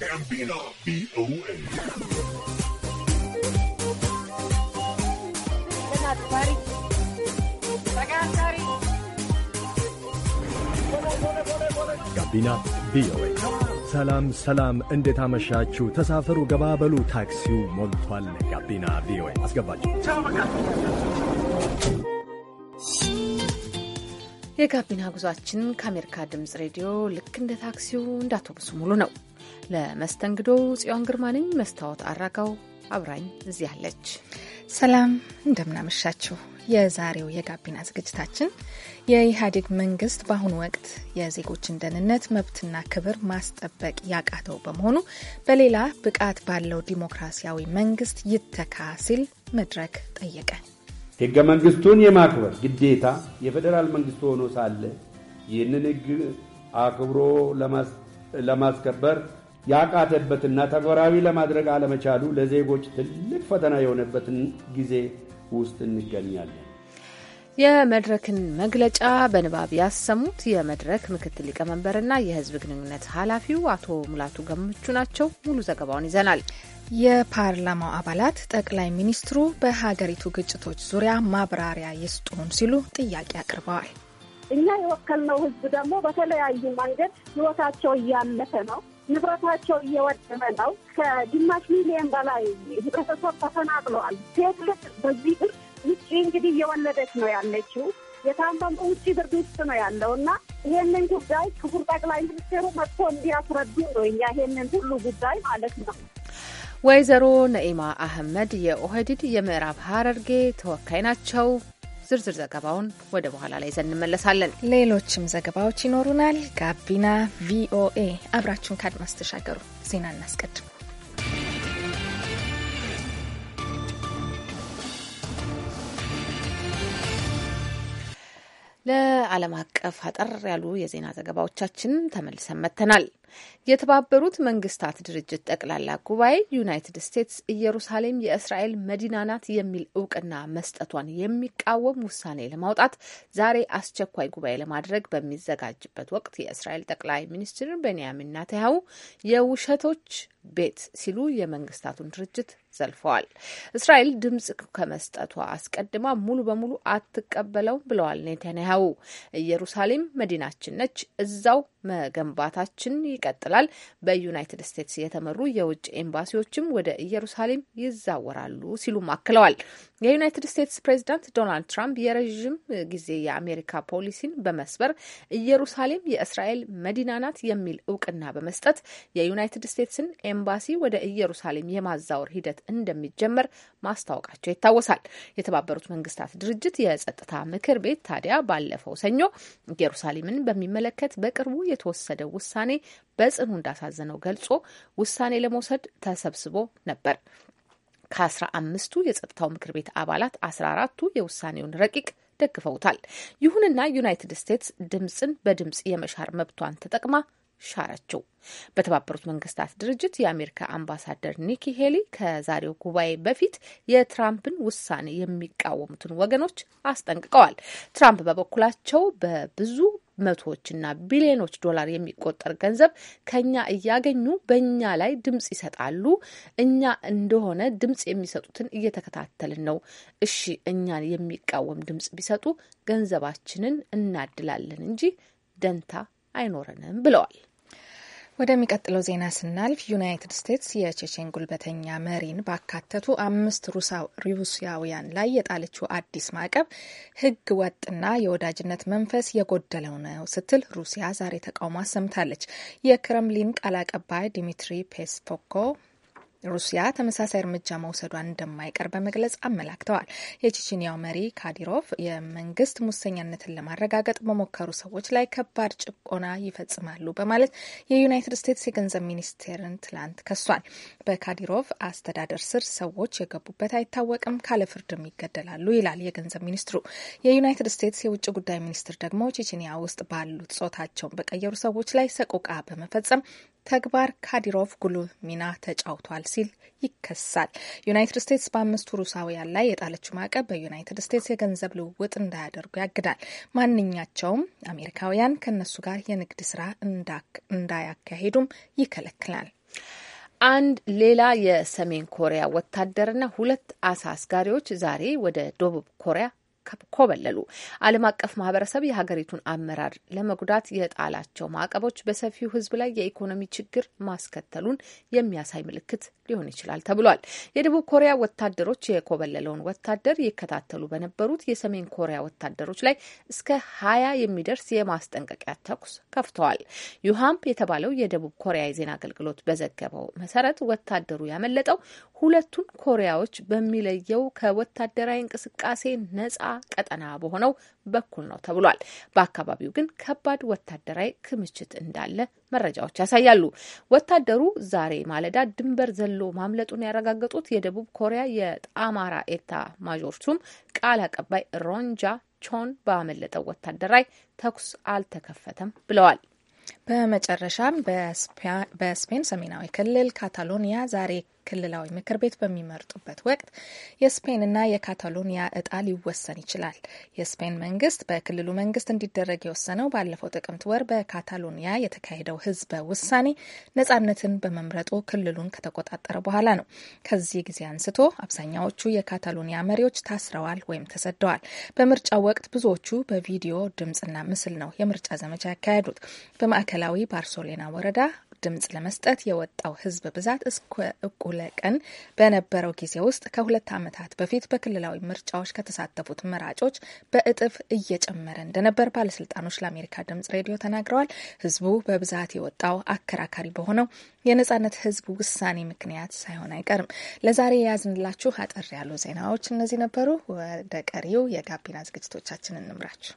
ጋቢና ቪኦኤ ጋቢና ቪኦኤ። ሰላም ሰላም፣ እንዴት አመሻችሁ? ተሳፈሩ፣ በሉ፣ ታክሲው ሞልቷል። ጋቢና ቪኦኤ አስገባችሁ። የጋቢና ጉዟችን ከአሜሪካ ድምፅ ሬዲዮ ልክ እንደ ታክሲው እንደ አውቶቡሱ ሙሉ ነው። ለመስተንግዶ ጽዮን ግርማ ነኝ። መስታወት አራጋው አብራኝ እዚህ አለች። ሰላም እንደምናመሻችሁ። የዛሬው የጋቢና ዝግጅታችን የኢህአዴግ መንግስት በአሁኑ ወቅት የዜጎችን ደህንነት መብትና ክብር ማስጠበቅ ያቃተው በመሆኑ በሌላ ብቃት ባለው ዲሞክራሲያዊ መንግስት ይተካ ሲል መድረክ ጠየቀ። ህገ መንግስቱን የማክበር ግዴታ የፌዴራል መንግስቱ ሆኖ ሳለ ይህንን ህግ አክብሮ ለማስከበር ያቃተበትና ተግባራዊ ለማድረግ አለመቻሉ ለዜጎች ትልቅ ፈተና የሆነበትን ጊዜ ውስጥ እንገኛለን። የመድረክን መግለጫ በንባብ ያሰሙት የመድረክ ምክትል ሊቀመንበርና የሕዝብ ግንኙነት ኃላፊው አቶ ሙላቱ ገመቹ ናቸው። ሙሉ ዘገባውን ይዘናል። የፓርላማው አባላት ጠቅላይ ሚኒስትሩ በሀገሪቱ ግጭቶች ዙሪያ ማብራሪያ ይስጡን ሲሉ ጥያቄ አቅርበዋል። እኛ የወከልነው ሕዝብ ደግሞ በተለያዩ መንገድ ሕይወታቸው እያለፈ ነው ንብረታቸው እየወደመ ነው። ከግማሽ ሚሊዮን በላይ ህብረተሰብ ተፈናቅለዋል። ሴት ልጅ በዚህ ብር ውጭ እንግዲህ እየወለደች ነው ያለችው። የታመሙ ውጭ ብርድ ውስጥ ነው ያለው እና ይሄንን ጉዳይ ክቡር ጠቅላይ ሚኒስትሩ መጥቶ እንዲያስረዱ ነው እኛ ይሄንን ሁሉ ጉዳይ ማለት ነው። ወይዘሮ ነኢማ አህመድ የኦህዲድ የምዕራብ ሀረርጌ ተወካይ ናቸው። ዝርዝር ዘገባውን ወደ በኋላ ላይ ይዘን እንመለሳለን። ሌሎችም ዘገባዎች ይኖሩናል። ጋቢና ቪኦኤ አብራችሁን ከአድማስ ተሻገሩ። ዜና እናስቀድም። ለዓለም አቀፍ አጠር ያሉ የዜና ዘገባዎቻችን ተመልሰን መጥተናል። የተባበሩት መንግስታት ድርጅት ጠቅላላ ጉባኤ ዩናይትድ ስቴትስ ኢየሩሳሌም የእስራኤል መዲና ናት የሚል እውቅና መስጠቷን የሚቃወም ውሳኔ ለማውጣት ዛሬ አስቸኳይ ጉባኤ ለማድረግ በሚዘጋጅበት ወቅት የእስራኤል ጠቅላይ ሚኒስትር ቤንያሚን ናታንያሁ የውሸቶች ቤት ሲሉ የመንግስታቱን ድርጅት ዘልፈዋል። እስራኤል ድምጽ ከመስጠቷ አስቀድማ ሙሉ በሙሉ አትቀበለውም ብለዋል ኔታንያሁ። ኢየሩሳሌም መዲናችን ነች፣ እዛው መገንባታችን ይቀጥላል። በዩናይትድ ስቴትስ የተመሩ የውጭ ኤምባሲዎችም ወደ ኢየሩሳሌም ይዛወራሉ ሲሉም አክለዋል። የዩናይትድ ስቴትስ ፕሬዚዳንት ዶናልድ ትራምፕ የረዥም ጊዜ የአሜሪካ ፖሊሲን በመስበር ኢየሩሳሌም የእስራኤል መዲና ናት የሚል እውቅና በመስጠት የዩናይትድ ስቴትስን ኤምባሲ ወደ ኢየሩሳሌም የማዛወር ሂደት እንደሚጀመር ማስታወቃቸው ይታወሳል። የተባበሩት መንግስታት ድርጅት የጸጥታ ምክር ቤት ታዲያ ባለፈው ሰኞ ኢየሩሳሌምን በሚመለከት በቅርቡ የተወሰደው ውሳኔ በጽኑ እንዳሳዘነው ገልጾ ውሳኔ ለመውሰድ ተሰብስቦ ነበር። ከአስራ አምስቱ የጸጥታው ምክር ቤት አባላት አስራ አራቱ የውሳኔውን ረቂቅ ደግፈውታል። ይሁንና ዩናይትድ ስቴትስ ድምፅን በድምፅ የመሻር መብቷን ተጠቅማ ሻረችው። በተባበሩት መንግስታት ድርጅት የአሜሪካ አምባሳደር ኒኪ ሄሊ ከዛሬው ጉባኤ በፊት የትራምፕን ውሳኔ የሚቃወሙትን ወገኖች አስጠንቅቀዋል። ትራምፕ በበኩላቸው በብዙ መቶዎችና ቢሊዮኖች ዶላር የሚቆጠር ገንዘብ ከኛ እያገኙ በእኛ ላይ ድምጽ ይሰጣሉ። እኛ እንደሆነ ድምጽ የሚሰጡትን እየተከታተልን ነው። እሺ እኛን የሚቃወም ድምጽ ቢሰጡ ገንዘባችንን እናድላለን እንጂ ደንታ አይኖረንም ብለዋል። ወደሚቀጥለው ዜና ስናልፍ ዩናይትድ ስቴትስ የቼቼን ጉልበተኛ መሪን ባካተቱ አምስት ሩሲያውያን ላይ የጣለችው አዲስ ማዕቀብ ሕግ ወጥና የወዳጅነት መንፈስ የጎደለው ነው ስትል ሩሲያ ዛሬ ተቃውሞ አሰምታለች። የክረምሊን ቃል አቀባይ ዲሚትሪ ፔስኮቭ ሩሲያ ተመሳሳይ እርምጃ መውሰዷን እንደማይቀር በመግለጽ አመላክተዋል። የቼችኒያው መሪ ካዲሮቭ የመንግስት ሙሰኛነትን ለማረጋገጥ በሞከሩ ሰዎች ላይ ከባድ ጭቆና ይፈጽማሉ በማለት የዩናይትድ ስቴትስ የገንዘብ ሚኒስቴርን ትላንት ከሷል። በካዲሮቭ አስተዳደር ስር ሰዎች የገቡበት አይታወቅም፣ ካለ ፍርድም ይገደላሉ ይላል የገንዘብ ሚኒስትሩ። የዩናይትድ ስቴትስ የውጭ ጉዳይ ሚኒስትር ደግሞ ቼችኒያ ውስጥ ባሉት ጾታቸውን በቀየሩ ሰዎች ላይ ሰቆቃ በመፈጸም ተግባር ካዲሮቭ ጉልህ ሚና ተጫውቷል ሲል ይከሳል። ዩናይትድ ስቴትስ በአምስቱ ሩሳውያን ላይ የጣለችው ማዕቀብ በዩናይትድ ስቴትስ የገንዘብ ልውውጥ እንዳያደርጉ ያግዳል። ማንኛቸውም አሜሪካውያን ከእነሱ ጋር የንግድ ስራ እንዳያካሂዱም ይከለክላል። አንድ ሌላ የሰሜን ኮሪያ ወታደርና ሁለት አሳ አስጋሪዎች ዛሬ ወደ ደቡብ ኮሪያ ኮበለሉ። ዓለም አቀፍ ማህበረሰብ የሀገሪቱን አመራር ለመጉዳት የጣላቸው ማዕቀቦች በሰፊው ህዝብ ላይ የኢኮኖሚ ችግር ማስከተሉን የሚያሳይ ምልክት ሊሆን ይችላል ተብሏል። የደቡብ ኮሪያ ወታደሮች የኮበለለውን ወታደር ይከታተሉ በነበሩት የሰሜን ኮሪያ ወታደሮች ላይ እስከ ሀያ የሚደርስ የማስጠንቀቂያ ተኩስ ከፍተዋል። ዩሃምፕ የተባለው የደቡብ ኮሪያ የዜና አገልግሎት በዘገበው መሰረት ወታደሩ ያመለጠው ሁለቱን ኮሪያዎች በሚለየው ከወታደራዊ እንቅስቃሴ ነጻ ቀጠና በሆነው በኩል ነው ተብሏል። በአካባቢው ግን ከባድ ወታደራዊ ክምችት እንዳለ መረጃዎች ያሳያሉ። ወታደሩ ዛሬ ማለዳ ድንበር ዘሎ ማምለጡን ያረጋገጡት የደቡብ ኮሪያ የጣማራ ኤታ ማዦር ቃል አቀባይ ሮንጃ ቾን ባመለጠው ወታደራዊ ተኩስ አልተከፈተም ብለዋል። በመጨረሻም በስፔን ሰሜናዊ ክልል ካታሎኒያ ዛሬ ክልላዊ ምክር ቤት በሚመርጡበት ወቅት የስፔንና የካታሎኒያ እጣ ሊወሰን ይችላል። የስፔን መንግስት በክልሉ መንግስት እንዲደረግ የወሰነው ባለፈው ጥቅምት ወር በካታሎኒያ የተካሄደው ህዝበ ውሳኔ ነጻነትን በመምረጡ ክልሉን ከተቆጣጠረ በኋላ ነው። ከዚህ ጊዜ አንስቶ አብዛኛዎቹ የካታሎኒያ መሪዎች ታስረዋል ወይም ተሰደዋል። በምርጫው ወቅት ብዙዎቹ በቪዲዮ ድምፅና ምስል ነው የምርጫ ዘመቻ ያካሄዱት። በማዕከል ማዕከላዊ ባርሶሌና ወረዳ ድምጽ ለመስጠት የወጣው ህዝብ ብዛት እስከ እኩለ ቀን በነበረው ጊዜ ውስጥ ከሁለት ዓመታት በፊት በክልላዊ ምርጫዎች ከተሳተፉት መራጮች በእጥፍ እየጨመረ እንደነበር ባለስልጣኖች ለአሜሪካ ድምጽ ሬዲዮ ተናግረዋል። ህዝቡ በብዛት የወጣው አከራካሪ በሆነው የነጻነት ህዝብ ውሳኔ ምክንያት ሳይሆን አይቀርም። ለዛሬ የያዝንላችሁ አጠር ያሉ ዜናዎች እነዚህ ነበሩ። ወደ ቀሪው የጋቢና ዝግጅቶቻችን እንምራችሁ።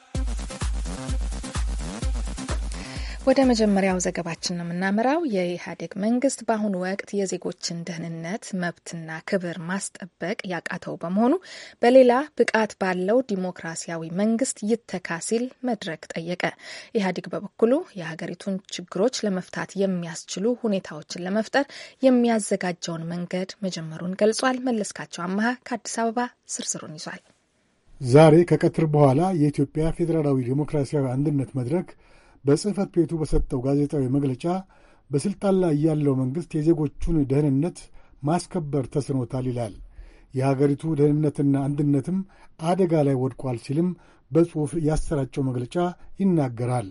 ወደ መጀመሪያው ዘገባችን ነው የምናመራው። የኢህአዴግ መንግስት በአሁኑ ወቅት የዜጎችን ደህንነት መብትና ክብር ማስጠበቅ ያቃተው በመሆኑ በሌላ ብቃት ባለው ዲሞክራሲያዊ መንግስት ይተካ ሲል መድረክ ጠየቀ። ኢህአዴግ በበኩሉ የሀገሪቱን ችግሮች ለመፍታት የሚያስችሉ ሁኔታዎችን ለመፍጠር የሚያዘጋጀውን መንገድ መጀመሩን ገልጿል። መለስካቸው አመሃ ከአዲስ አበባ ዝርዝሩን ይዟል። ዛሬ ከቀትር በኋላ የኢትዮጵያ ፌዴራላዊ ዴሞክራሲያዊ አንድነት መድረክ በጽህፈት ቤቱ በሰጠው ጋዜጣዊ መግለጫ በሥልጣን ላይ ያለው መንግሥት የዜጎቹን ደህንነት ማስከበር ተስኖታል ይላል። የሀገሪቱ ደህንነትና አንድነትም አደጋ ላይ ወድቋል ሲልም በጽሑፍ ያሰራጨው መግለጫ ይናገራል።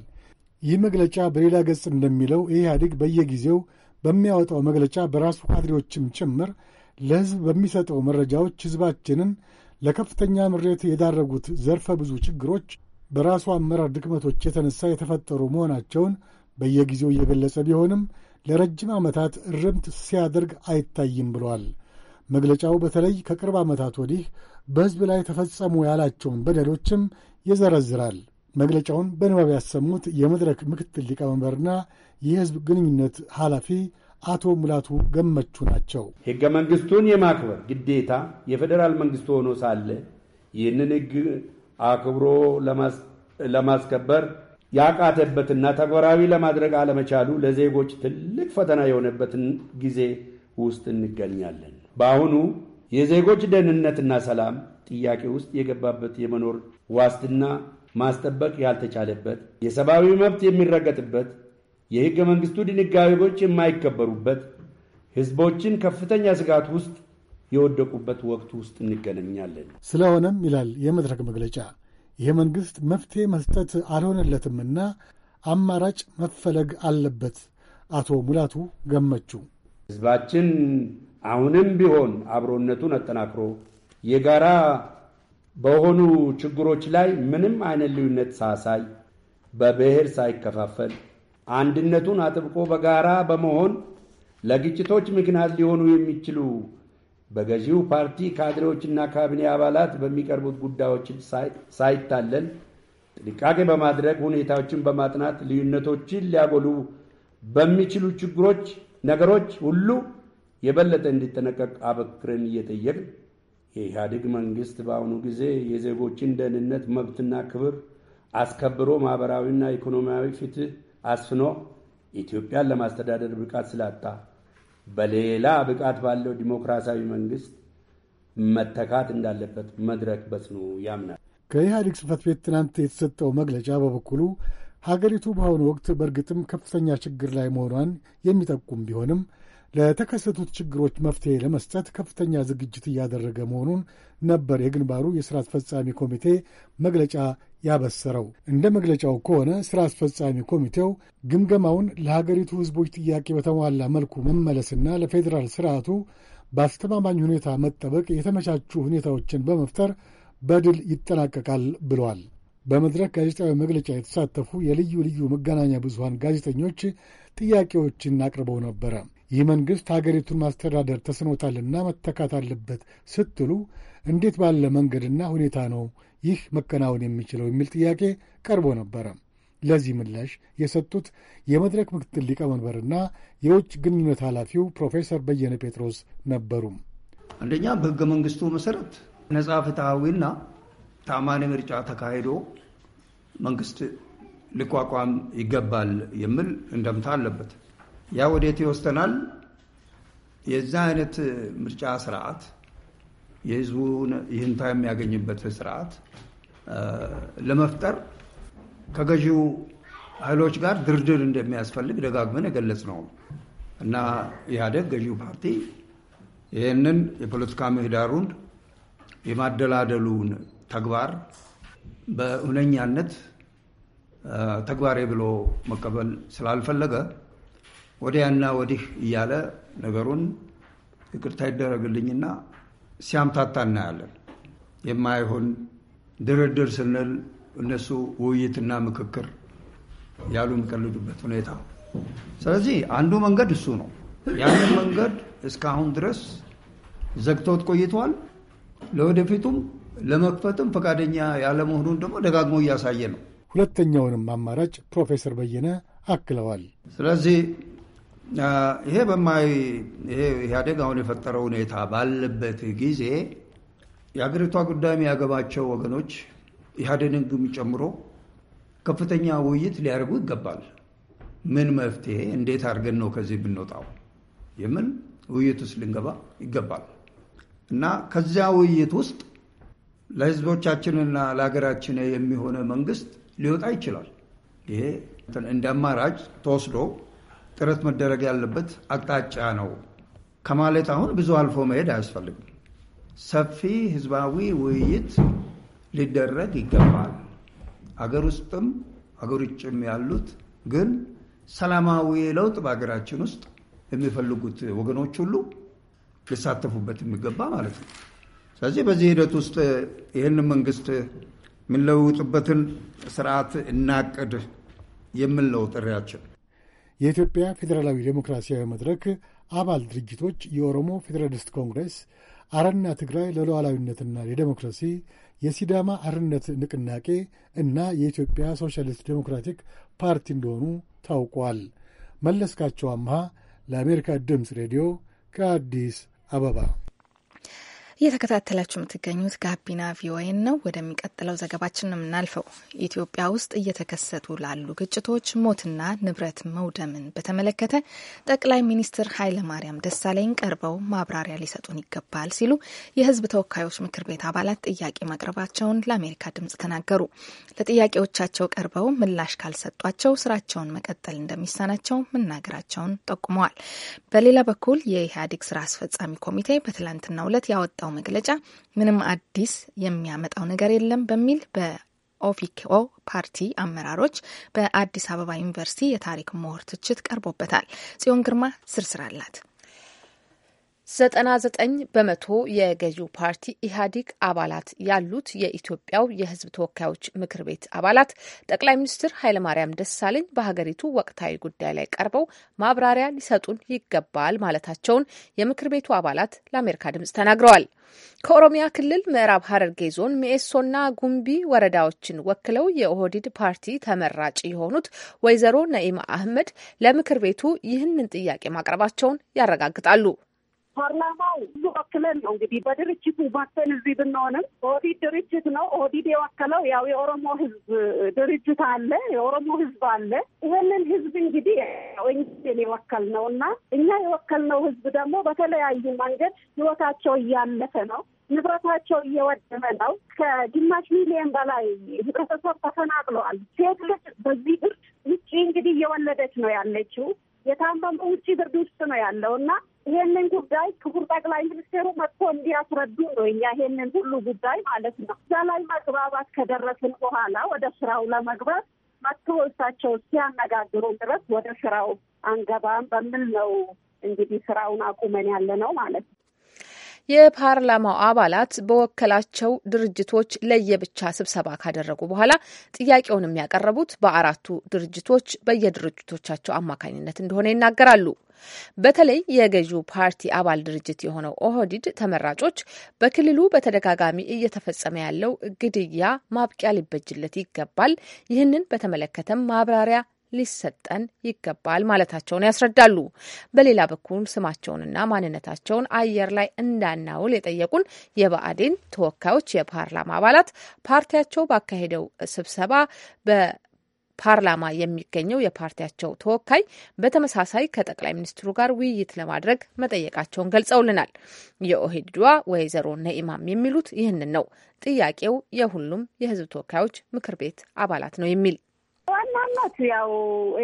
ይህ መግለጫ በሌላ ገጽ እንደሚለው ኢህአዴግ በየጊዜው በሚያወጣው መግለጫ በራሱ ካድሬዎችም ጭምር ለሕዝብ በሚሰጠው መረጃዎች ሕዝባችንን ለከፍተኛ ምሬት የዳረጉት ዘርፈ ብዙ ችግሮች በራሱ አመራር ድክመቶች የተነሳ የተፈጠሩ መሆናቸውን በየጊዜው እየገለጸ ቢሆንም ለረጅም ዓመታት እርምት ሲያደርግ አይታይም ብሏል። መግለጫው በተለይ ከቅርብ ዓመታት ወዲህ በሕዝብ ላይ ተፈጸሙ ያላቸውን በደሎችም ይዘረዝራል። መግለጫውን በንባብ ያሰሙት የመድረክ ምክትል ሊቀመንበርና የሕዝብ ግንኙነት ኃላፊ አቶ ሙላቱ ገመቹ ናቸው። ሕገ መንግሥቱን የማክበር ግዴታ የፌዴራል መንግሥት ሆኖ ሳለ ይህንን ሕግ አክብሮ ለማስከበር ያቃተበትና ተግባራዊ ለማድረግ አለመቻሉ ለዜጎች ትልቅ ፈተና የሆነበትን ጊዜ ውስጥ እንገኛለን። በአሁኑ የዜጎች ደህንነትና ሰላም ጥያቄ ውስጥ የገባበት የመኖር ዋስትና ማስጠበቅ ያልተቻለበት፣ የሰብአዊ መብት የሚረገጥበት፣ የሕገ መንግሥቱ ድንጋጌዎች የማይከበሩበት፣ ሕዝቦችን ከፍተኛ ስጋት ውስጥ የወደቁበት ወቅት ውስጥ እንገናኛለን። ስለሆነም ይላል የመድረክ መግለጫ፣ ይህ መንግሥት መፍትሄ መስጠት አልሆነለትምና አማራጭ መፈለግ አለበት። አቶ ሙላቱ ገመቹ ሕዝባችን አሁንም ቢሆን አብሮነቱን አጠናክሮ የጋራ በሆኑ ችግሮች ላይ ምንም አይነት ልዩነት ሳሳይ በብሔር ሳይከፋፈል አንድነቱን አጥብቆ በጋራ በመሆን ለግጭቶች ምክንያት ሊሆኑ የሚችሉ በገዢው ፓርቲ ካድሬዎችና ካቢኔ አባላት በሚቀርቡት ጉዳዮች ሳይታለል ጥንቃቄ በማድረግ ሁኔታዎችን በማጥናት ልዩነቶችን ሊያጎሉ በሚችሉ ችግሮች፣ ነገሮች ሁሉ የበለጠ እንዲጠነቀቅ አበክረን እየጠየቅን የኢህአዴግ መንግስት በአሁኑ ጊዜ የዜጎችን ደህንነት መብትና ክብር አስከብሮ ማህበራዊና ኢኮኖሚያዊ ፍትህ አስፍኖ ኢትዮጵያን ለማስተዳደር ብቃት ስላጣ በሌላ ብቃት ባለው ዲሞክራሲያዊ መንግስት መተካት እንዳለበት መድረክ በጽኑ ያምናል። ከኢህአዴግ ጽህፈት ቤት ትናንት የተሰጠው መግለጫ በበኩሉ ሀገሪቱ በአሁኑ ወቅት በእርግጥም ከፍተኛ ችግር ላይ መሆኗን የሚጠቁም ቢሆንም ለተከሰቱት ችግሮች መፍትሄ ለመስጠት ከፍተኛ ዝግጅት እያደረገ መሆኑን ነበር የግንባሩ የሥራ አስፈጻሚ ኮሚቴ መግለጫ ያበሰረው። እንደ መግለጫው ከሆነ ሥራ አስፈጻሚ ኮሚቴው ግምገማውን ለሀገሪቱ ሕዝቦች ጥያቄ በተሟላ መልኩ መመለስና ለፌዴራል ስርዓቱ በአስተማማኝ ሁኔታ መጠበቅ የተመቻቹ ሁኔታዎችን በመፍጠር በድል ይጠናቀቃል ብሏል። በመድረክ ጋዜጣዊ መግለጫ የተሳተፉ የልዩ ልዩ መገናኛ ብዙሃን ጋዜጠኞች ጥያቄዎችን አቅርበው ነበረ። ይህ መንግሥት ሀገሪቱን ማስተዳደር ተስኖታልና መተካት አለበት ስትሉ እንዴት ባለ መንገድና ሁኔታ ነው ይህ መከናወን የሚችለው የሚል ጥያቄ ቀርቦ ነበረ። ለዚህ ምላሽ የሰጡት የመድረክ ምክትል ሊቀመንበርና የውጭ ግንኙነት ኃላፊው ፕሮፌሰር በየነ ጴጥሮስ ነበሩ። አንደኛ በሕገ መንግሥቱ መሠረት ነጻ ፍትሐዊና ታማኒ ምርጫ ተካሂዶ መንግሥት ሊቋቋም ይገባል የሚል እንደምታ አለበት። ያ ወዴት ይወስደናል? የዛ አይነት ምርጫ ስርዓት የህዝቡን ይህንታ የሚያገኝበት ስርዓት ለመፍጠር ከገዢው ኃይሎች ጋር ድርድር እንደሚያስፈልግ ደጋግመን የገለጽ ነው እና ኢህአዴግ ገዢው ፓርቲ ይህንን የፖለቲካ ምህዳሩን የማደላደሉን ተግባር በእውነኛነት ተግባሬ ብሎ መቀበል ስላልፈለገ ወዲያና ወዲህ እያለ ነገሩን ይቅርታ ይደረግልኝና ሲያምታታ እናያለን። የማይሆን ድርድር ስንል እነሱ ውይይትና ምክክር ያሉ የሚቀልዱበት ሁኔታ። ስለዚህ አንዱ መንገድ እሱ ነው። ያንን መንገድ እስካሁን ድረስ ዘግቶት ቆይቷል። ለወደፊቱም ለመክፈትም ፈቃደኛ ያለመሆኑን ደግሞ ደጋግሞ እያሳየ ነው። ሁለተኛውንም አማራጭ ፕሮፌሰር በየነ አክለዋል። ስለዚህ ይሄ በማይ ኢህአዴግ አሁን የፈጠረው ሁኔታ ባለበት ጊዜ የአገሪቷ ጉዳይ የሚያገባቸው ወገኖች ኢህአዴግንም ጨምሮ ከፍተኛ ውይይት ሊያደርጉ ይገባል። ምን መፍትሄ እንዴት አድርገን ነው ከዚህ ብንወጣው የምን ውይይት ውስጥ ልንገባ ይገባል እና ከዚያ ውይይት ውስጥ ለህዝቦቻችንና ለሀገራችን የሚሆነ መንግስት ሊወጣ ይችላል። ይሄ እንደ አማራጭ ተወስዶ ጥረት መደረግ ያለበት አቅጣጫ ነው ከማለት አሁን ብዙ አልፎ መሄድ አያስፈልግም። ሰፊ ህዝባዊ ውይይት ሊደረግ ይገባል። አገር ውስጥም አገር ውጭም ያሉት ግን ሰላማዊ ለውጥ በሀገራችን ውስጥ የሚፈልጉት ወገኖች ሁሉ ሊሳተፉበት የሚገባ ማለት ነው። ስለዚህ በዚህ ሂደት ውስጥ ይህንን መንግስት የሚለውጥበትን ስርዓት እናቅድ የምንለው ጥሪያችን። የኢትዮጵያ ፌዴራላዊ ዴሞክራሲያዊ መድረክ አባል ድርጅቶች የኦሮሞ ፌዴራሊስት ኮንግሬስ፣ አረና ትግራይ ለሉዓላዊነትና ለዴሞክራሲ፣ የሲዳማ አርነት ንቅናቄ እና የኢትዮጵያ ሶሻሊስት ዴሞክራቲክ ፓርቲ እንደሆኑ ታውቋል። መለስካቸው አምሃ ለአሜሪካ ድምፅ ሬዲዮ ከአዲስ አበባ እየተከታተላችሁ የምትገኙት ጋቢና ቪኦኤን ነው። ወደሚቀጥለው ዘገባችን ነው የምናልፈው። ኢትዮጵያ ውስጥ እየተከሰቱ ላሉ ግጭቶች፣ ሞትና ንብረት መውደምን በተመለከተ ጠቅላይ ሚኒስትር ኃይለማርያም ደሳለኝ ቀርበው ማብራሪያ ሊሰጡን ይገባል ሲሉ የሕዝብ ተወካዮች ምክር ቤት አባላት ጥያቄ ማቅረባቸውን ለአሜሪካ ድምጽ ተናገሩ። ለጥያቄዎቻቸው ቀርበው ምላሽ ካልሰጧቸው ስራቸውን መቀጠል እንደሚሳናቸው መናገራቸውን ጠቁመዋል። በሌላ በኩል የኢህአዴግ ስራ አስፈጻሚ ኮሚቴ በትላንትናው ዕለት ያወጣው ባወጣው መግለጫ ምንም አዲስ የሚያመጣው ነገር የለም በሚል ኦፊኮ ፓርቲ አመራሮች በአዲስ አበባ ዩኒቨርሲቲ የታሪክ ምሁር ትችት ቀርቦበታል። ጽዮን ግርማ ስርስር አላት። 99 በመቶ የገዢው ፓርቲ ኢህአዴግ አባላት ያሉት የኢትዮጵያው የሕዝብ ተወካዮች ምክር ቤት አባላት ጠቅላይ ሚኒስትር ኃይለማርያም ደሳለኝ በሀገሪቱ ወቅታዊ ጉዳይ ላይ ቀርበው ማብራሪያ ሊሰጡን ይገባል ማለታቸውን የምክር ቤቱ አባላት ለአሜሪካ ድምጽ ተናግረዋል። ከኦሮሚያ ክልል ምዕራብ ሀረርጌ ዞን ሚኤሶና ጉምቢ ወረዳዎችን ወክለው የኦህዲድ ፓርቲ ተመራጭ የሆኑት ወይዘሮ ነኢማ አህመድ ለምክር ቤቱ ይህንን ጥያቄ ማቅረባቸውን ያረጋግጣሉ። ፓርላማው ብዙ ወክለን ነው እንግዲህ በድርጅቱ ባተን እዚህ ብንሆንም ኦህዴድ ድርጅት ነው። ኦህዴድ የወከለው ያው የኦሮሞ ህዝብ ድርጅት አለ፣ የኦሮሞ ህዝብ አለ። ይህንን ህዝብ እንግዲህ ወንጌል የወከል ነው እና እኛ የወከልነው ህዝብ ደግሞ በተለያዩ መንገድ ህይወታቸው እያለፈ ነው ንብረታቸው እየወደመ ነው። ከግማሽ ሚሊዮን በላይ ህብረተሰብ ተፈናቅለዋል። ሴት ልጅ በዚህ ብርድ ውጭ እንግዲህ እየወለደች ነው ያለችው። የታመመ ውጭ ብርድ ውስጥ ነው ያለው እና ይሄንን ጉዳይ ክቡር ጠቅላይ ሚኒስቴሩ መጥቶ እንዲያስረዱ ነው እኛ ይሄንን ሁሉ ጉዳይ ማለት ነው። እዛ ላይ መግባባት ከደረስን በኋላ ወደ ስራው ለመግባት መጥቶ እሳቸው ሲያነጋግሩ ድረስ ወደ ስራው አንገባም በሚል ነው እንግዲህ ስራውን አቁመን ያለ ነው ማለት ነው። የፓርላማው አባላት በወከላቸው ድርጅቶች ለየብቻ ስብሰባ ካደረጉ በኋላ ጥያቄውንም ያቀረቡት በአራቱ ድርጅቶች በየድርጅቶቻቸው አማካኝነት እንደሆነ ይናገራሉ። በተለይ የገዢው ፓርቲ አባል ድርጅት የሆነው ኦህዲድ ተመራጮች በክልሉ በተደጋጋሚ እየተፈጸመ ያለው ግድያ ማብቂያ ሊበጅለት ይገባል፣ ይህንን በተመለከተም ማብራሪያ ሊሰጠን ይገባል ማለታቸውን ያስረዳሉ። በሌላ በኩል ስማቸውንና ማንነታቸውን አየር ላይ እንዳናውል የጠየቁን የብአዴን ተወካዮች የፓርላማ አባላት ፓርቲያቸው ባካሄደው ስብሰባ በ ፓርላማ የሚገኘው የፓርቲያቸው ተወካይ በተመሳሳይ ከጠቅላይ ሚኒስትሩ ጋር ውይይት ለማድረግ መጠየቃቸውን ገልጸውልናል። የኦህዴድዋ ወይዘሮ ነኢማም የሚሉት ይህንን ነው። ጥያቄው የሁሉም የሕዝብ ተወካዮች ምክር ቤት አባላት ነው የሚል ታውቃላች። ያው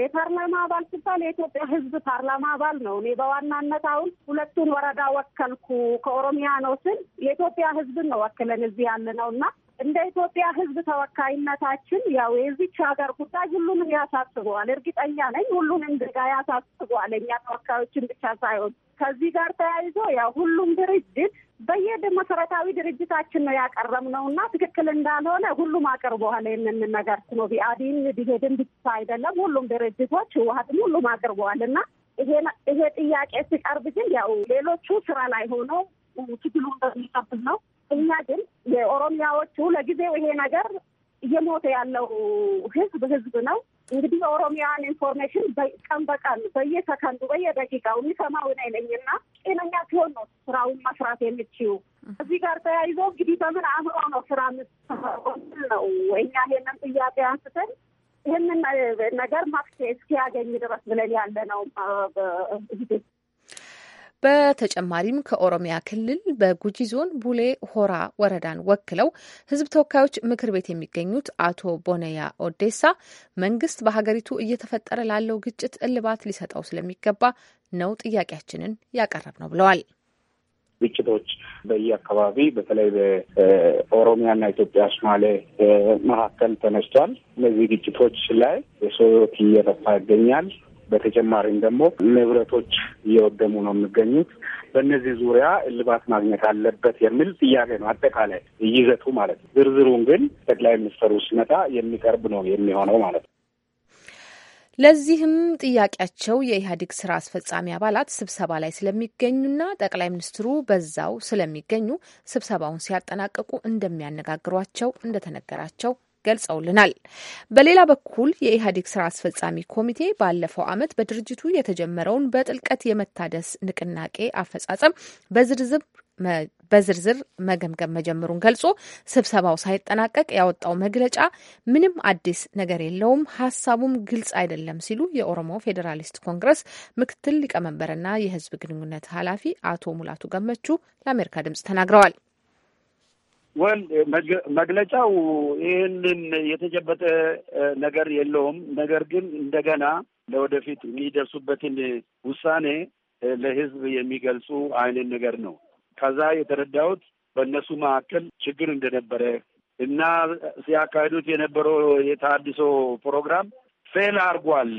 የፓርላማ አባል ሲባል የኢትዮጵያ ሕዝብ ፓርላማ አባል ነው። እኔ በዋናነት አሁን ሁለቱን ወረዳ ወከልኩ ከኦሮሚያ ነው ስል የኢትዮጵያ ሕዝብን ነው ወክለን እዚህ ያለ ነው እና እንደ ኢትዮጵያ ሕዝብ ተወካይነታችን ያው የዚች ሀገር ጉዳይ ሁሉንም ያሳስበዋል። እርግጠኛ ነኝ ሁሉንም ዜጋ ያሳስበዋል፣ እኛ ተወካዮችን ብቻ ሳይሆን። ከዚህ ጋር ተያይዞ ያው ሁሉም ድርጅት በየድ መሰረታዊ ድርጅታችን ነው ነው እና ትክክል እንዳልሆነ ሁሉም አቅርበዋል። ይህንን ነገር ስኖ ቢአዲን ቢሄድን ብቻ አይደለም ሁሉም ድርጅቶች ህወሀትም ሁሉም አቅርበዋል እና ይሄ ጥያቄ ሲቀርብ ግን ያው ሌሎቹ ስራ ላይ ሆኖ ትግሉን በሚቀብል ነው እኛ ግን የኦሮሚያዎቹ ለጊዜው ይሄ ነገር እየሞተ ያለው ህዝብ ህዝብ ነው። እንግዲህ የኦሮሚያን ኢንፎርሜሽን ቀን በቀን በየሰከንዱ በየደቂቃው የሚሰማው እኔ ነኝ እና ጤነኛ ሲሆን ነው ስራውን መስራት የምችው። እዚህ ጋር ተያይዞ እንግዲህ በምን አእምሮ ነው ስራ ነው። እኛ ይሄንን ጥያቄ አንስተን ይህንን ነገር መፍትሄ እስኪያገኝ ድረስ ብለን ያለ ነው። በተጨማሪም ከኦሮሚያ ክልል በጉጂ ዞን ቡሌ ሆራ ወረዳን ወክለው ህዝብ ተወካዮች ምክር ቤት የሚገኙት አቶ ቦነያ ኦዴሳ መንግስት በሀገሪቱ እየተፈጠረ ላለው ግጭት እልባት ሊሰጠው ስለሚገባ ነው ጥያቄያችንን ያቀረብ ነው ብለዋል። ግጭቶች በየአካባቢ በተለይ በኦሮሚያና ኢትዮጵያ ሶማሌ መካከል ተነስቷል። እነዚህ ግጭቶች ላይ የሰው ሕይወት እየጠፋ ይገኛል። በተጨማሪም ደግሞ ንብረቶች እየወደሙ ነው የሚገኙት። በእነዚህ ዙሪያ እልባት ማግኘት አለበት የሚል ጥያቄ ነው አጠቃላይ ይዘቱ ማለት ነው። ዝርዝሩን ግን ጠቅላይ ሚኒስትሩ ሲመጣ የሚቀርብ ነው የሚሆነው ማለት ነው። ለዚህም ጥያቄያቸው የኢህአዴግ ስራ አስፈጻሚ አባላት ስብሰባ ላይ ስለሚገኙና ጠቅላይ ሚኒስትሩ በዛው ስለሚገኙ ስብሰባውን ሲያጠናቀቁ እንደሚያነጋግሯቸው እንደተነገራቸው ገልጸውልናል። በሌላ በኩል የኢህአዴግ ስራ አስፈጻሚ ኮሚቴ ባለፈው ዓመት በድርጅቱ የተጀመረውን በጥልቀት የመታደስ ንቅናቄ አፈጻጸም በዝርዝር በዝርዝር መገምገም መጀመሩን ገልጾ ስብሰባው ሳይጠናቀቅ ያወጣው መግለጫ ምንም አዲስ ነገር የለውም፣ ሀሳቡም ግልጽ አይደለም ሲሉ የኦሮሞ ፌዴራሊስት ኮንግረስ ምክትል ሊቀመንበርና የህዝብ ግንኙነት ኃላፊ አቶ ሙላቱ ገመቹ ለአሜሪካ ድምጽ ተናግረዋል። ወል መግለጫው ይህንን የተጨበጠ ነገር የለውም። ነገር ግን እንደገና ለወደፊት የሚደርሱበትን ውሳኔ ለህዝብ የሚገልጹ አይነት ነገር ነው። ከዛ የተረዳሁት በእነሱ መካከል ችግር እንደነበረ እና ሲያካሂዱት የነበረው የተሃድሶ ፕሮግራም ፌል አርጓል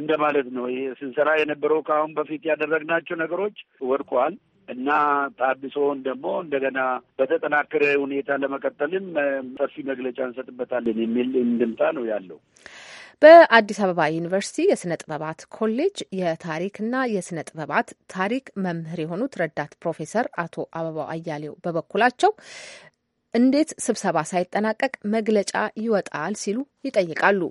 እንደማለት ነው። ስንሰራ የነበረው ከአሁን በፊት ያደረግናቸው ነገሮች ወድቋል። እና ታድሶውን ደግሞ እንደገና በተጠናከረ ሁኔታ ለመቀጠልም ሰፊ መግለጫ እንሰጥበታለን የሚል እንድምታ ነው ያለው። በአዲስ አበባ ዩኒቨርሲቲ የስነ ጥበባት ኮሌጅ የታሪክና የስነ ጥበባት ታሪክ መምህር የሆኑት ረዳት ፕሮፌሰር አቶ አበባው አያሌው በበኩላቸው እንዴት ስብሰባ ሳይጠናቀቅ መግለጫ ይወጣል ሲሉ ይጠይቃሉ።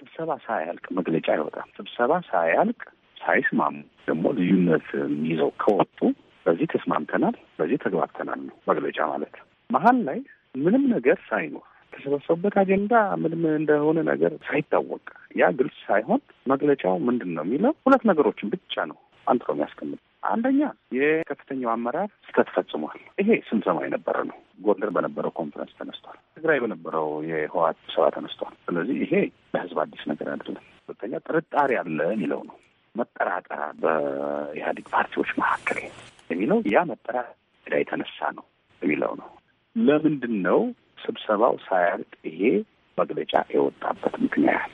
ስብሰባ ሳያልቅ መግለጫ ይወጣል። ስብሰባ ሳያልቅ ሳይስማሙ ደግሞ ልዩነት ይዘው ከወጡ በዚህ ተስማምተናል፣ በዚህ ተግባብተናል ነው መግለጫ ማለት። መሀል ላይ ምንም ነገር ሳይኖር የተሰበሰቡበት አጀንዳ ምንም እንደሆነ ነገር ሳይታወቅ ያ ግልጽ ሳይሆን መግለጫው ምንድን ነው የሚለው ሁለት ነገሮችን ብቻ ነው አንጥሮ የሚያስቀምጥ። አንደኛ የከፍተኛው አመራር ስህተት ፈጽሟል። ይሄ ስንሰማ የነበረ ነው። ጎንደር በነበረው ኮንፈረንስ ተነስቷል። ትግራይ በነበረው የህወሓት ስብሰባ ተነስቷል። ስለዚህ ይሄ ለህዝብ አዲስ ነገር አይደለም። ሁለተኛ ጥርጣሬ አለ የሚለው ነው። መጠራጠር በኢህአዴግ ፓርቲዎች መካከል የሚለው ያ መጠራጠር የተነሳ ነው የሚለው ነው። ለምንድን ነው ስብሰባው ሳያልቅ ይሄ መግለጫ የወጣበት ምክንያት?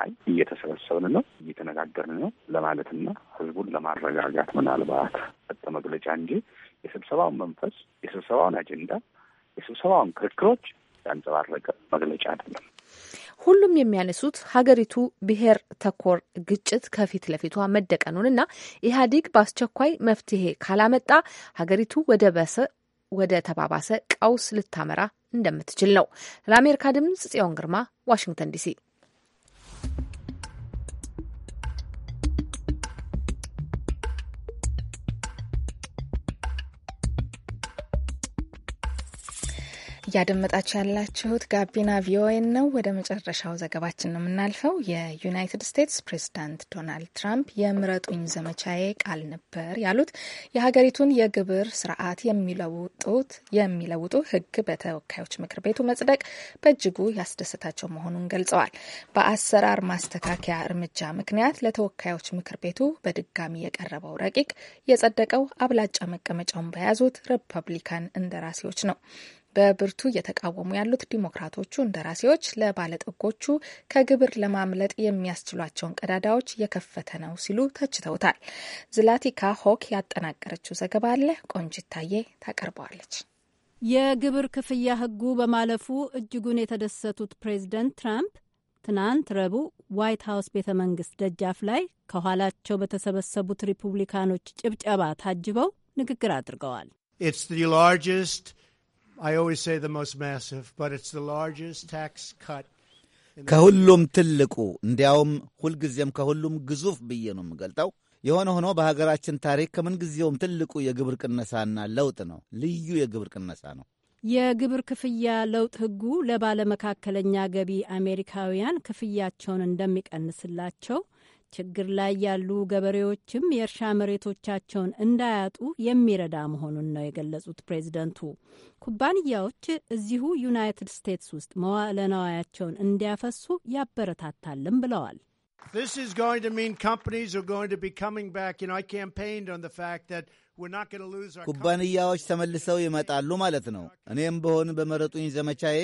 አይ እየተሰበሰብን ነው እየተነጋገርን ነው ለማለትና ህዝቡን ለማረጋጋት ምናልባት ጠጠ መግለጫ እንጂ የስብሰባውን መንፈስ፣ የስብሰባውን አጀንዳ፣ የስብሰባውን ክርክሮች ያንጸባረቀ መግለጫ አይደለም። ሁሉም የሚያነሱት ሀገሪቱ ብሔር ተኮር ግጭት ከፊት ለፊቷ መደቀኑንና ኢህአዴግ በአስቸኳይ መፍትሄ ካላመጣ ሀገሪቱ ወደ በሰ ወደ ተባባሰ ቀውስ ልታመራ እንደምትችል ነው። ለአሜሪካ ድምጽ ጽዮን ግርማ ዋሽንግተን ዲሲ እያደመጣችሁ ያላችሁት ጋቢና ቪኦኤን ነው። ወደ መጨረሻው ዘገባችን ነው የምናልፈው። የዩናይትድ ስቴትስ ፕሬዚዳንት ዶናልድ ትራምፕ የምረጡኝ ዘመቻዬ ቃል ነበር ያሉት የሀገሪቱን የግብር ስርዓት የሚለውጡት የሚለውጡ ህግ በተወካዮች ምክር ቤቱ መጽደቅ በእጅጉ ያስደሰታቸው መሆኑን ገልጸዋል። በአሰራር ማስተካከያ እርምጃ ምክንያት ለተወካዮች ምክር ቤቱ በድጋሚ የቀረበው ረቂቅ የጸደቀው አብላጫ መቀመጫውን በያዙት ሪፐብሊካን እንደራሴዎች ነው። በብርቱ እየተቃወሙ ያሉት ዲሞክራቶቹ እንደራሴዎች ለባለጠጎቹ ከግብር ለማምለጥ የሚያስችሏቸውን ቀዳዳዎች የከፈተ ነው ሲሉ ተችተውታል። ዝላቲካ ሆክ ያጠናቀረችው ዘገባ አለ ቆንጅታዬ ታቀርበዋለች። የግብር ክፍያ ሕጉ በማለፉ እጅጉን የተደሰቱት ፕሬዚደንት ትራምፕ ትናንት ረቡዕ ዋይት ሀውስ ቤተ መንግስት ደጃፍ ላይ ከኋላቸው በተሰበሰቡት ሪፑብሊካኖች ጭብጨባ ታጅበው ንግግር አድርገዋል። It's the largest I always say the most massive, but it's the largest tax cut ከሁሉም ትልቁ እንዲያውም ሁልጊዜም ከሁሉም ግዙፍ ብዬ ነው የምገልጠው። የሆነ ሆኖ በሀገራችን ታሪክ ከምንጊዜውም ትልቁ የግብር ቅነሳና ለውጥ ነው። ልዩ የግብር ቅነሳ ነው። የግብር ክፍያ ለውጥ ሕጉ ለባለመካከለኛ ገቢ አሜሪካውያን ክፍያቸውን እንደሚቀንስላቸው ችግር ላይ ያሉ ገበሬዎችም የእርሻ መሬቶቻቸውን እንዳያጡ የሚረዳ መሆኑን ነው የገለጹት ፕሬዚደንቱ። ኩባንያዎች እዚሁ ዩናይትድ ስቴትስ ውስጥ መዋዕለ ንዋያቸውን እንዲያፈሱ ያበረታታልም ብለዋል። ኩባንያዎች ተመልሰው ይመጣሉ ማለት ነው። እኔም በሆን በመረጡኝ ዘመቻዬ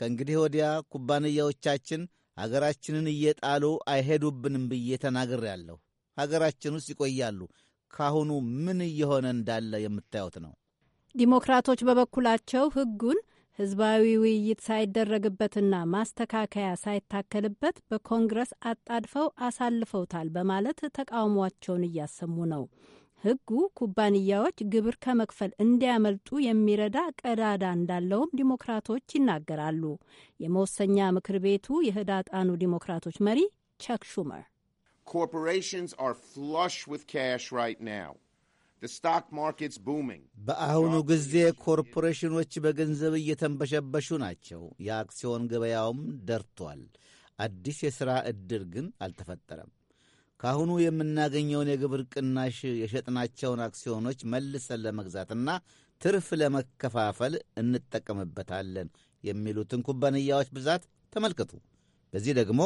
ከእንግዲህ ወዲያ ኩባንያዎቻችን አገራችንን እየጣሉ አይሄዱብንም ብዬ ተናግሬያለሁ። ሀገራችን ውስጥ ይቆያሉ። ካሁኑ ምን እየሆነ እንዳለ የምታዩት ነው። ዲሞክራቶች በበኩላቸው ሕጉን ህዝባዊ ውይይት ሳይደረግበትና ማስተካከያ ሳይታከልበት በኮንግረስ አጣድፈው አሳልፈውታል በማለት ተቃውሟቸውን እያሰሙ ነው። ሕጉ ኩባንያዎች ግብር ከመክፈል እንዲያመልጡ የሚረዳ ቀዳዳ እንዳለውም ዲሞክራቶች ይናገራሉ። የመወሰኛ ምክር ቤቱ የህዳጣኑ ዲሞክራቶች መሪ ቸክ ሹመር ኮርፖሬሽንስ አር ፍሉሽ ዊዝ ካሽ ራይት በአሁኑ ጊዜ ኮርፖሬሽኖች በገንዘብ እየተንበሸበሹ ናቸው። የአክሲዮን ገበያውም ደርቷል። አዲስ የሥራ ዕድል ግን አልተፈጠረም። ከአሁኑ የምናገኘውን የግብር ቅናሽ የሸጥናቸውን አክሲዮኖች መልሰን ለመግዛትና ትርፍ ለመከፋፈል እንጠቀምበታለን የሚሉትን ኩባንያዎች ብዛት ተመልከቱ። በዚህ ደግሞ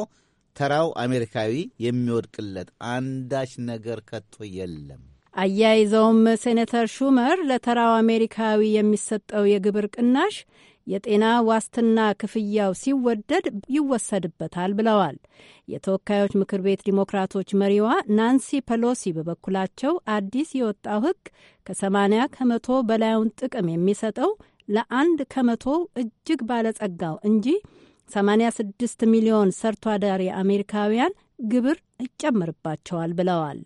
ተራው አሜሪካዊ የሚወድቅለት አንዳች ነገር ከቶ የለም። አያይዘውም ሴኔተር ሹመር ለተራው አሜሪካዊ የሚሰጠው የግብር ቅናሽ የጤና ዋስትና ክፍያው ሲወደድ ይወሰድበታል ብለዋል። የተወካዮች ምክር ቤት ዲሞክራቶች መሪዋ ናንሲ ፐሎሲ በበኩላቸው አዲስ የወጣው ሕግ ከ80 ከመቶ በላዩን ጥቅም የሚሰጠው ለአንድ ከመቶ እጅግ ባለጸጋው እንጂ 86 ሚሊዮን ሰርቶ አዳሪ አሜሪካውያን ግብር ይጨምርባቸዋል ብለዋል።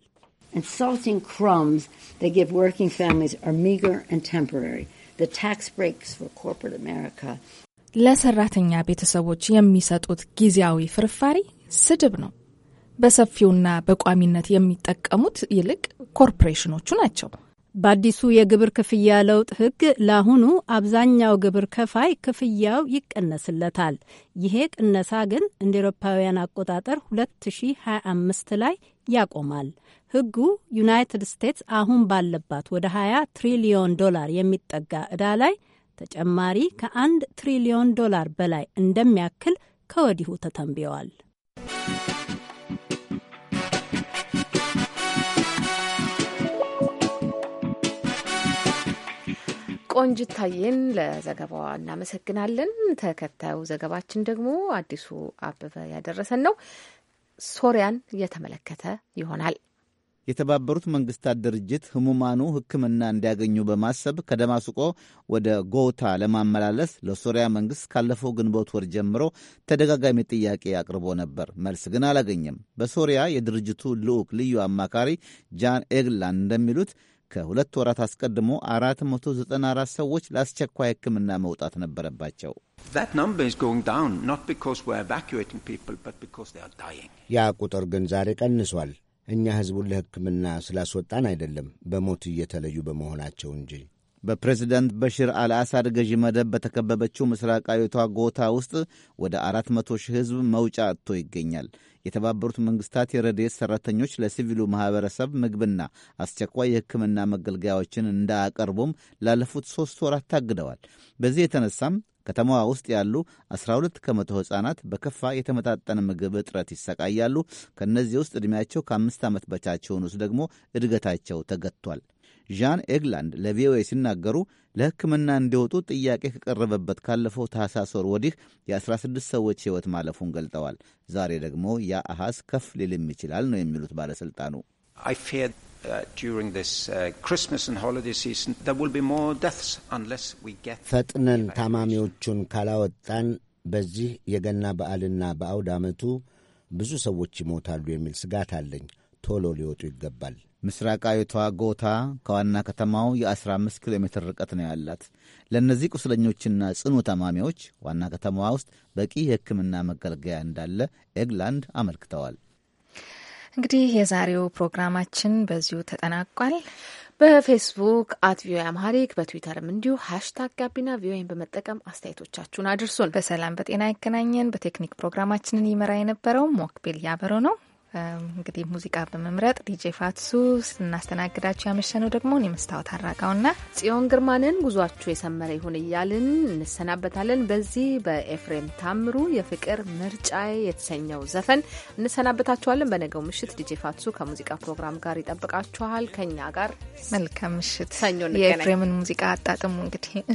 the tax breaks for corporate America. ለሰራተኛ ቤተሰቦች የሚሰጡት ጊዜያዊ ፍርፋሪ ስድብ ነው። በሰፊውና በቋሚነት የሚጠቀሙት ይልቅ ኮርፖሬሽኖቹ ናቸው። በአዲሱ የግብር ክፍያ ለውጥ ሕግ ለአሁኑ አብዛኛው ግብር ከፋይ ክፍያው ይቀነስለታል። ይሄ ቅነሳ ግን እንደ ኤሮፓውያን አቆጣጠር 2025 ላይ ያቆማል። ህጉ ዩናይትድ ስቴትስ አሁን ባለባት ወደ 20 ትሪሊዮን ዶላር የሚጠጋ ዕዳ ላይ ተጨማሪ ከአንድ ትሪሊዮን ዶላር በላይ እንደሚያክል ከወዲሁ ተተንብየዋል። ቆንጅታዬን ለዘገባዋ እናመሰግናለን። ተከታዩ ዘገባችን ደግሞ አዲሱ አበበ ያደረሰን ነው። ሶሪያን እየተመለከተ ይሆናል። የተባበሩት መንግስታት ድርጅት ህሙማኑ ሕክምና እንዲያገኙ በማሰብ ከደማስቆ ወደ ጎታ ለማመላለስ ለሶሪያ መንግስት ካለፈው ግንቦት ወር ጀምሮ ተደጋጋሚ ጥያቄ አቅርቦ ነበር። መልስ ግን አላገኘም። በሶሪያ የድርጅቱ ልዑክ ልዩ አማካሪ ጃን ኤግላን እንደሚሉት ከሁለት ወራት አስቀድሞ 494 ሰዎች ለአስቸኳይ ሕክምና መውጣት ነበረባቸው። ያ ቁጥር ግን ዛሬ ቀንሷል። እኛ ህዝቡን ለሕክምና ስላስወጣን አይደለም በሞት እየተለዩ በመሆናቸው እንጂ። በፕሬዝደንት በሽር አልአሳድ ገዢ መደብ በተከበበችው ምስራቃዊቷ ጎታ ውስጥ ወደ አራት መቶ ሺህ ሕዝብ መውጫ አጥቶ ይገኛል። የተባበሩት መንግስታት የረድኤት ሠራተኞች ለሲቪሉ ማኅበረሰብ ምግብና አስቸኳይ የሕክምና መገልገያዎችን እንዳያቀርቡም ላለፉት ሦስት ወራት ታግደዋል። በዚህ የተነሳም ከተማዋ ውስጥ ያሉ 12 ከመቶ ሕፃናት በከፋ የተመጣጠነ ምግብ እጥረት ይሰቃያሉ። ከእነዚህ ውስጥ ዕድሜያቸው ከአምስት ዓመት በታቸውን ውስጥ ደግሞ እድገታቸው ተገጥቷል። ዣን ኤግላንድ ለቪኦኤ ሲናገሩ ለሕክምና እንዲወጡ ጥያቄ ከቀረበበት ካለፈው ታህሳስ ወር ወዲህ የ16 ሰዎች ሕይወት ማለፉን ገልጠዋል። ዛሬ ደግሞ ያ አሃዝ ከፍ ሊልም ይችላል ነው የሚሉት ባለሥልጣኑ። ፈጥነን ታማሚዎቹን ካላወጣን በዚህ የገና በዓልና በአውድ ዓመቱ ብዙ ሰዎች ይሞታሉ የሚል ስጋት አለኝ። ቶሎ ሊወጡ ይገባል። ምስራቃዊቷ ጎታ ከዋና ከተማው የ15 ኪሎ ሜትር ርቀት ነው ያላት። ለእነዚህ ቁስለኞችና ጽኑ ታማሚዎች ዋና ከተማዋ ውስጥ በቂ የሕክምና መገልገያ እንዳለ ኤግላንድ አመልክተዋል። እንግዲህ የዛሬው ፕሮግራማችን በዚሁ ተጠናቋል። በፌስቡክ አት ቪኦኤ አምሃሪክ በትዊተርም እንዲሁ ሀሽታግ ጋቢና ቪኦኤን በመጠቀም አስተያየቶቻችሁን አድርሱን። በሰላም በጤና ያገናኘን። በቴክኒክ ፕሮግራማችንን ይመራ የነበረው ሞክቤል ያበረው ነው። እንግዲህ ሙዚቃ በመምረጥ ዲጄ ፋትሱ ስናስተናግዳቸው ያመሸነው ደግሞ እኔ መስታወት አራጋውና ጽዮን ግርማንን ጉዟችሁ የሰመረ ይሁን እያልን እንሰናበታለን። በዚህ በኤፍሬም ታምሩ የፍቅር ምርጫ የተሰኘው ዘፈን እንሰናበታችኋለን። በነገው ምሽት ዲጄ ፋትሱ ከሙዚቃ ፕሮግራም ጋር ይጠብቃችኋል። ከኛ ጋር መልካም ምሽት። የኤፍሬምን ሙዚቃ አጣጥሙ እንግዲህ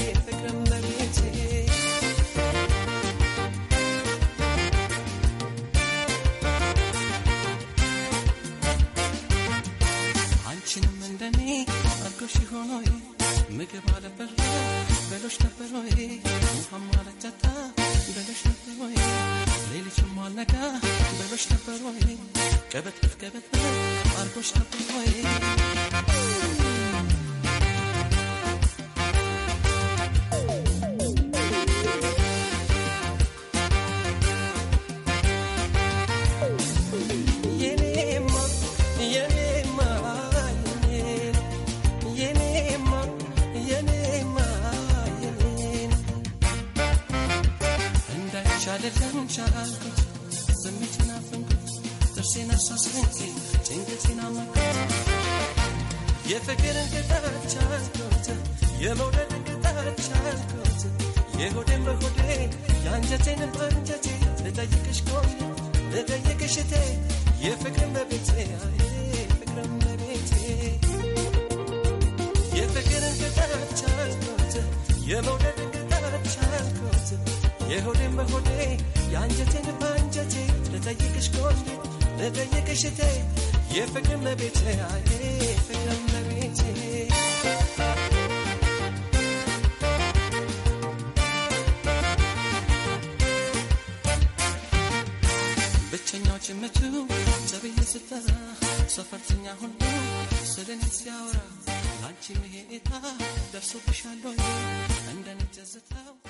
ጥርሴን አሳስንኪ ጭንቀቴን አመካት የፍቅርን ቅጣቻ አልኩት የመውደድን ቅጣቻ አልኩት የሆዴን በሆዴ የአንጀቴን በአንጀቴ ልጠይቅሽ ቆይ ልጠይቅሽ እቴ የፍቅርን በቤቴ ፍቅርን በቤቴ የፍቅርን ቅጣቻ አልኩት የመውደድን ቅጣቻ አልኩት የሆዴን በሆዴ የአንጀቴን በአንጀቴ ልጠይቅሽ ቆይ ለጠየቀሽ እቴ የፍቅር መቤቴ ፍቅር መቤቴ ብቸኛው ጭምቱ ተብዬ ስጠራ ሰፈርተኛ ሁሉ ስለኔ ሲያወራ አንቺ መሄኔታ ደርሶብሻል እንደ ነጭ ዝታው